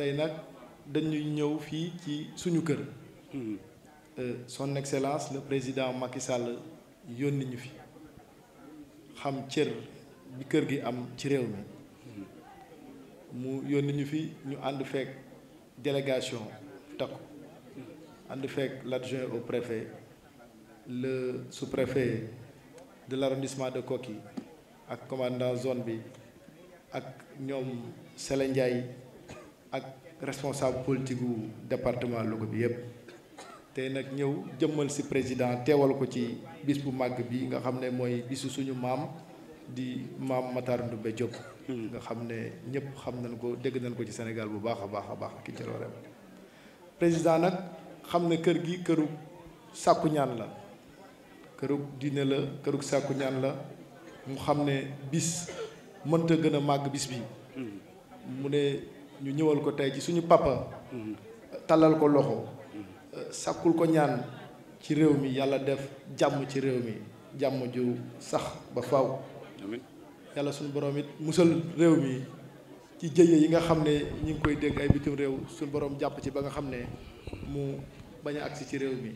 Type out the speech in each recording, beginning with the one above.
tey nag dañuy ñëw fii ci suñu kër. Hmm. Euh, son excellence le président Macky Sall yónni ñu fi xam cër bi kër gi am ci réew mi mu yónni ñu fi ñu ànd fekk délégation takku ànd fekk l'adjoint au préfet le sous-préfet de l'arrondissement de Koki ak commandant zone bi ak ñoom Sele Ndiaye ak responsable politique gu département Louga bi yëpp tey nag ñëw jëmmal si président teewal ko ci bis bu màgg bi nga xam ne mooy bisu suñu maam di maam Matar Ndoumbe Diop hmm. nga xam ne ñëpp xam nañ ko dégg nañ ko ci Sénégal bu baax a baax a baax ki jaloorem président nag xam ne kër gi këru sàkku ñaan la këru diine la këru sàkku ñaan la mu xam ne bis mënta gën a màgg bis bi hmm. mu ne ñu ñëwal ko tey ci suñu papa tàllal ko loxo sàkkul ko ñaan ci réew mi yàlla def jàmm ci réew mi jàmm ju sax ba faaw yàlla suñu borom it musal réew mi ci jëye yi nga xam ne ñu ngi koy dégg ay bitim réew suñu borom jàpp ci ba nga xam ne mu bañ a agsi ci réew mi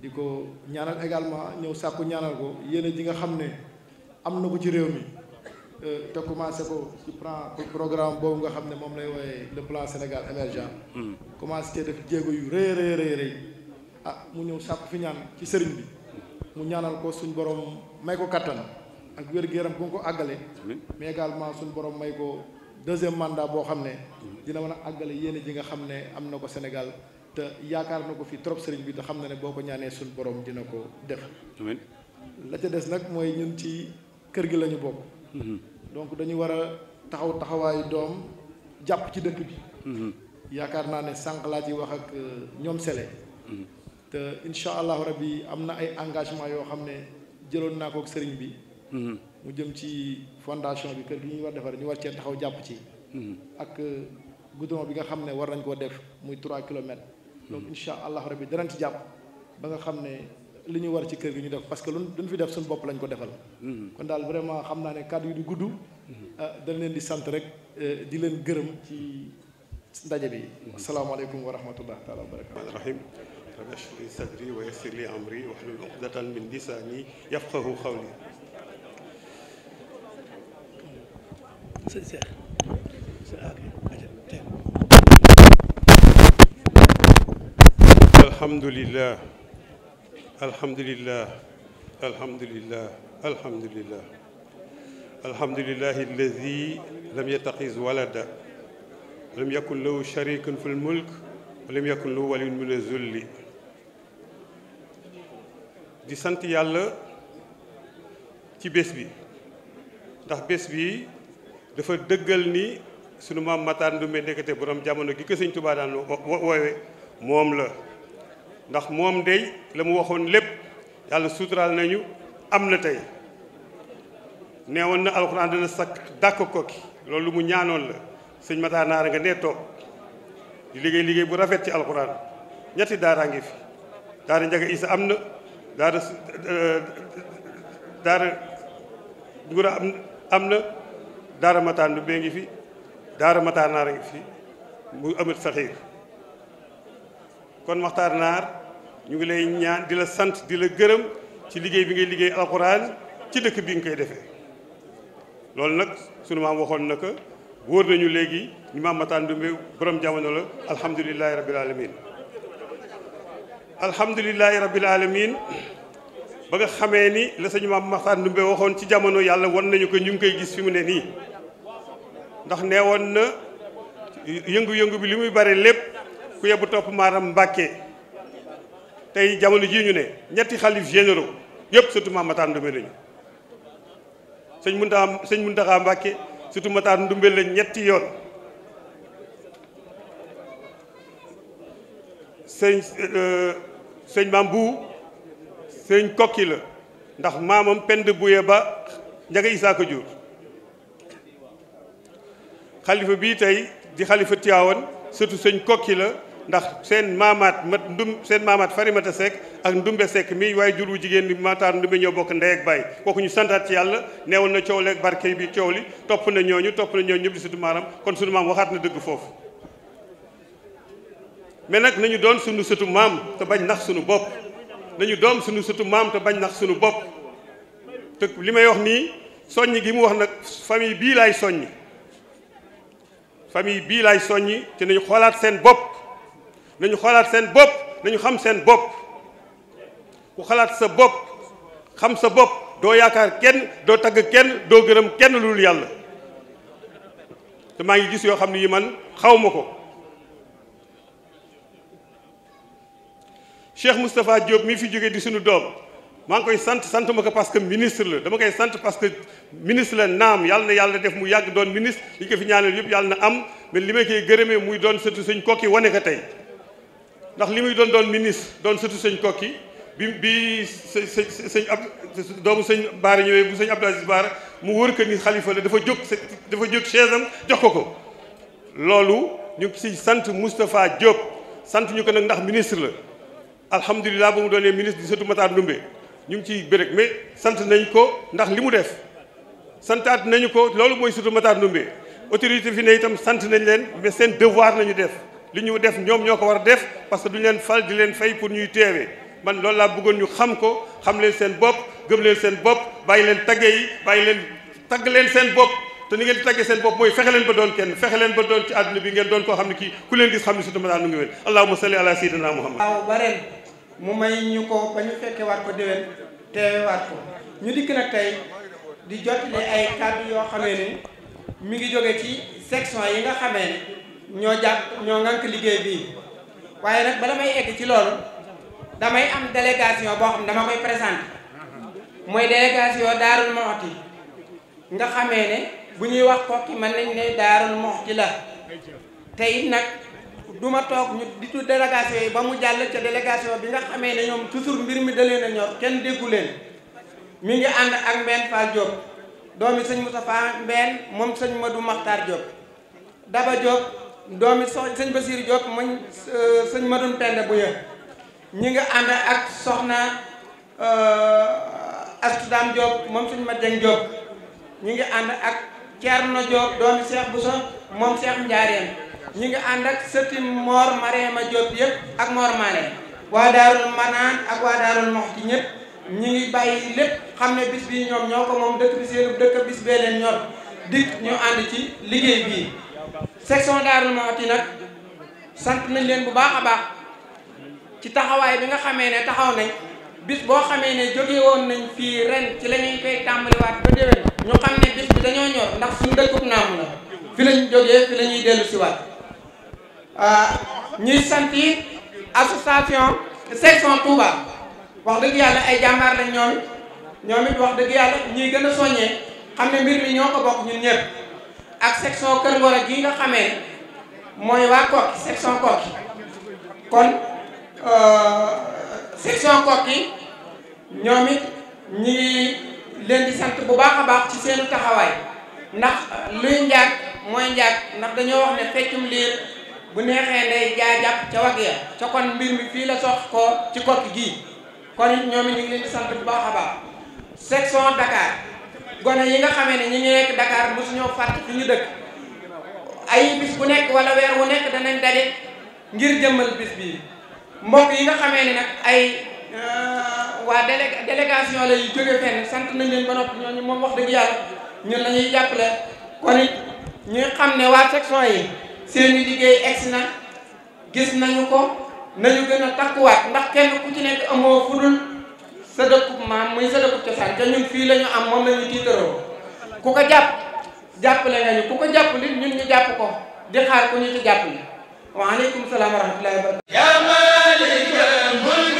di ko ñaanal également ñëw sàkku ñaanal ko yéene ji nga xam ne am na ko ci réew mi Euh, te commencé ko ci plan programme boobu nga xam ne moom lay wooyee le plan Sénégal émergent hmm. commencé cee def jéego yu rëy rëy rëy ah mu ñëw sàpp fi ñaan ci sëriñ bi mu ñaanal ko suñ borom may ko kattan ak wér-gu-yaram bu nga ko àggale mais également suñ borom may ko deuxième mandat boo xam ne hmm. dina mën a àggale yéene ji nga xam ne am na ko Sénégal te yaakaar na ko fii trop sëriñ bi te xam na ne boo ko ñaanee suñ borom dina ko def la ca des nag mooy ñun ci kër gi la ñu bokk hmm. donc dañu war a taxaw taxawaayu doom jàpp ci dëkk bi. Mhm. yaakaar naa ne sànq laa ci wax ak euh, ñoom Sele. Mhm. te incha allahu rabbi am na ay engagement yoo xam ne jëloon naa ko ak sëriñ bi. Mhm. mu jëm ci fondation bi kër bi ñuy war defar ñu war cee taxaw jàpp ci. ak euh, goudron bi nga xam ne war nañ koo def muy trois kilomètres. donc incha allahu rabbi danañ ci jàpp ba nga xam ne. li ñu war ci kër gi ñu def parce que lu ñu fi def suñu bopp lañ ko defal. Mm-hmm. kon daal vraiment xam naa ne kàddu yi du gudd. Mm-hmm. Ah, dañ leen di sant rek eh, di leen gërëm ci ndaje bi. Mm-hmm. asalaamaaleykum wa rahmatullah taala wa barakaatu. rahim rabbi shrah li sadri wa yassir li amri wahlul alhamdulillah. alhamdulillah alhamdulillah alhamdulillah alhamdulillah alladi lam yattaxiz walada lam yakun lahu sharikun fi lmulk wa lam yakun lahu waliyun min zulli di sant yàlla ci bés bi ndax bés bi dafa dëggal ni sunu maam Matar Ndoumbe ndekete borom jamono gi ko sëñ Tuubaa daan woowe moom la ndax moom day la mu waxoon lépp yàlla suturaal nañu am na tey neewoon na alxuraan dana sakk dàkk kokki loolu mu ñaanoon la sëñ Matar Naara nga nee toog di liggéey liggéey bu rafet ci alxuraan ñetti daaraa ngi fi daara Njaga Isa am na daara daara Ngura am am na daara Matar Ndumbe ngi fi daara Matar Naara ngi fi mu amat saxiir kon Maxtaar Naar ñu ngi lay ñaan di la sant di la gërëm ci liggéey bi ngay liggéey alxuraan ci dëkk bi nga koy defe loolu nag sunu maam waxoon na ko wóor nañu léegi ñu maam Mataan Ndumbe borom jamono la alhamdulilahi rabil alamin alhamdulilahi rabil alamin ba nga xamee ni la sañu maam Mataan Ndumbe waxoon ci jamono yàlla wan nañu ko ñu ngi koy gis fi mu ne nii ndax nee woon na yëngu-yëngu bi li muy bare lépp ku yebbu topp maaram Mbàkke tey jamono jii ñu ne ñetti xalif généraux yëpp surtout maam Matar lañu sëñ Muntaxa sëñ Muntaxa Mbàkke surtout Matar Ndumbe ñetti yoon sëñ euh, sëñ maam bu sëñ kokki la ndax maamam pend buye ba njaga isaa ko jur xalifa bii tey di xalifa Tiwaawan surtout sëñ kokki la ndax seen maamaat mat ndum seen maamaat farimata sekk ak ndumbe sekk mi waaye jur jigéen bi mataar ndumbe ñoo bokk ndey ak bàyyi kooku ñu santaat ci yàlla neewal na coow leeg barke bi coow li topp na ñooñu topp na ñooñu ñëpp di sutu maaram kon suñu maam waxaat na dëgg foofu nag nañu doon suñu sëtu maam te bañ nax suñu bopp nañu doon suñu sëtu maam te bañ nax suñu bopp te li may wax nii soññ gi mu wax nag famille bii laay soññ famille bii laay soññi ci nañu xoolaat seen bopp nañu xoolaat seen bopp nañu xam seen bopp ku xalaat sa bopp xam sa bopp doo yaakaar kenn doo tagg kenn doo gërëm kenn lu dul yàlla te maa ngi gis yoo xam ne yi man xaw ma ko Cheikh Moustapha Diop mi fi jóge di sunu doom maa ngi koy sant sant ma ko parce que ministre la dama koy sant parce que ministre la naam yàlla na yàlla def mu yàgg doon ministre li ko fi ñaanal yëpp yàlla na am mais li ma koy gërëmee muy doon sëtu sañ kokki wane ko tey ndax li muy doon doon ministre doon sëtu sañ kokki bi bi sëñ ab doomu sëñ baar ñëwee bu sëñ Abdou Aziz baar mu wër ko ni xalifa la dafa jóg dafa jóg chaise am jox ko ko loolu ñu ngi si sant Moustapha Diop sant ñu ko nag ndax ministre la alhamdulilah ba mu doonee ministre di sëtu Matar Ndoumbe ñu ngi ciy bërëg mais sant nañ ko ndax li mu def santaat nañu ko loolu mooy surtout Matar Ndoumbe autorité fi ne itam sant nañ leen mais seen devoir nañu def li ñu def ñoom ñoo ko war def parce que duñ leen fal di leen fay pour ñuy teewee man loolu laa bëggoon ñu xam ko xam leen seen bopp gëm leen seen bopp bàyyi leen tagge yi bàyyi leen tagg leen seen bopp te ni ngeen di seen bopp mooy fexe leen ba doon kenn fexe leen ba doon ci àdduna bi ngeen ne kii ku leen gis xam ne mu may ñu ko ba ñu fekke waat ko déwén te waat ko ñu dikk nag tey di jottali ay kàddu yoo xamee ni mi ngi jóge ci section yi nga xamee ne ñoo jàpp ñoo ngànk liggéey bii waaye nag bala may egg ci loolu damay am délégation boo xam dama koy présenté mooy délégation Daarul yi nga xamee ne bu ñuy wax kokki mën nañ ne Daarul Moxti la tey nag du ma toog ñu di ci délégation yi ba mu jàll ca délégation bi nga xamee ne ñoom toujours mbir mi da nañoo kenn déggu leen mi ngi ànd ak Mbène Fall Diop doomi sëñ Moustapha Mbène moom sëñ Madou Makhtar Diop Daba Diop sox sëñ Basir Diop moom euh, sëñ bu yë ñi nga ànd ak soxna euh, Astudaam Diop moom sëñ Madieng Diop ñi ngi ànd ak Thierno Diop doomi Cheikh Bousso moom Cheikh Ndiarène ñu ngi ànd ak sëti Mor Mariama Diop yëpp ak Mor waa Daarul Manaan ak waa Daarul Moxti ñëpp ñu ngi bàyyi lépp xam ne bis bi ñoom ñoo ko moom dëkk bi seen dëkk bis bee leen ñor dikk ñu ànd ci liggéey bii section Daarul Moxti nag sant nañ leen bu baax a baax ci taxawaay bi nga xamee ne taxaw nañ bis boo xamee ne jóge woon nañ fii ren ci la ñuy koy tàmbaliwaat ba déwén ñu xam ne bis bi dañoo ñor ndax suñu dëkkub naam la fi lañ jógee fi la dellu siwaat Euh, ñuy sant it association section Touba wax dëgg yàlla ay jàmbaar lañ ñoom ñoom it wax dëgg yàlla ñuy gën a soññee xam ne mbir mi ñoo ko bokk ñun ñëpp ak section Kër Ngor gi nga xamee mooy waa Koki section Koki kon euh, section Koki ñoom it ñi ngi leen di sant bu baax a baax ci seenu taxawaay ndax luy njaag mooy njaag ndax dañoo wax ne feccum liir bu neexee day jaa jàpp ca wagg ya ca kon mbir mi fii la sox ko ci kokki gii kon it ñoom it ñu ngi leen di sant bu baax a baax section Dakar gone yi nga xamee ne ñi ngi nekk Dakar mosuñoo fàtt fi ñu dëkk ay bis bu nekk wala weer wu nekk danañ daje ngir jëmmal bis bii mbokk yi nga xamee ne nag ay euh, waa délé délégation la yu jóge fenn sant nañ leen ba noppi ñooñu moom wax dëgg yàlla ñun la ñuy jàppale kon it ñu xam ne waa section yi seeni liggéey egsi na gis nañu ko nañu gën a takkuwaat ndax kenn ku ci nekk amoo fu dul sa dëkkub maam muy sa dëkkub cosaan te ñun fii la am moom la ñu tiitaroo ku ko jàpp jàppale nga ku ko jàpp li ñun ñu jàpp ko di xaar ku ñu ci jàpp li waaleykum salaam wa rahmatullahi wa barakatuh